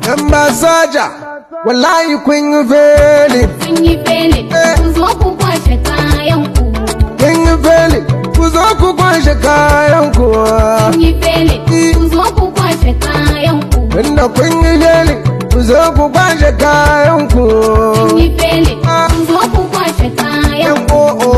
dan ba soja wallahi kun yi fele kun yi fele eh. ku zo ku kwashe kayan ku kun yi fele ku zo ku kwashe kayan ku kun yi fele eh. ku zo ku kwashe kayan ku tunda kun yi fele ku zo ku kwashe kayan ku kun yi fele ah. ku zo ku kwashe kayan ku